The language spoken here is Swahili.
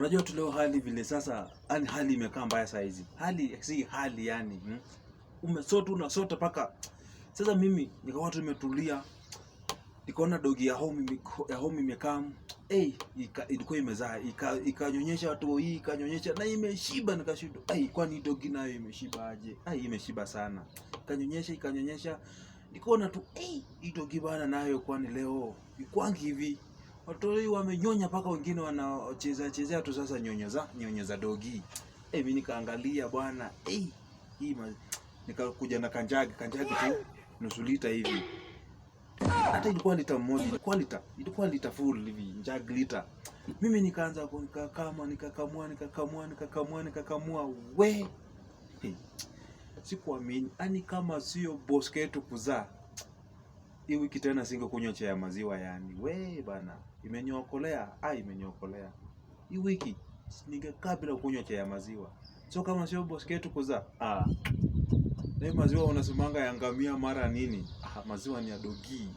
Unajua tu leo hali vile sasa, yani hali imekaa mbaya saa hizi, hali si hali yani mm? umesota unasota paka sasa. Mimi nikawa tu nimetulia, nikaona dogi ya home ya home imekaa hey, ilikuwa imezaa ikanyonyesha ika watu hii ikanyonyesha na imeshiba, nikashindwa ai, kwani dogi nayo imeshiba aje? Ai, imeshiba sana, ikanyonyesha ikanyonyesha, nikaona tu hey, hii dogi bana nayo kwani leo ikwangi hivi Watoi wamenyonya mpaka wengine wanachezea chezea tu sasa nyonya za nyonya za dogi. Eh, mimi nikaangalia bwana, eh hii nikakuja na kanjagi kanjagi tu nusu lita hivi. Hata ilikuwa lita moja, ilikuwa lita, ilikuwa lita full hivi, njagi lita. Mimi nikaanza kukakama, nikakamua, nikakamua, nikakamua, nikakamua we. hey. Sikuamini, ani kama sio boss yetu kuzaa hii wiki tena singekunywa chai ya maziwa yani. We bana, imeniokolea. ai, ah, imeniokolea. Hii wiki ningekaa bila kunywa chai ya maziwa. Sio kama sio boss yetu kuza. Ah. Hey, maziwa unasemanga yangamia mara nini? Ah, maziwa ni adogi.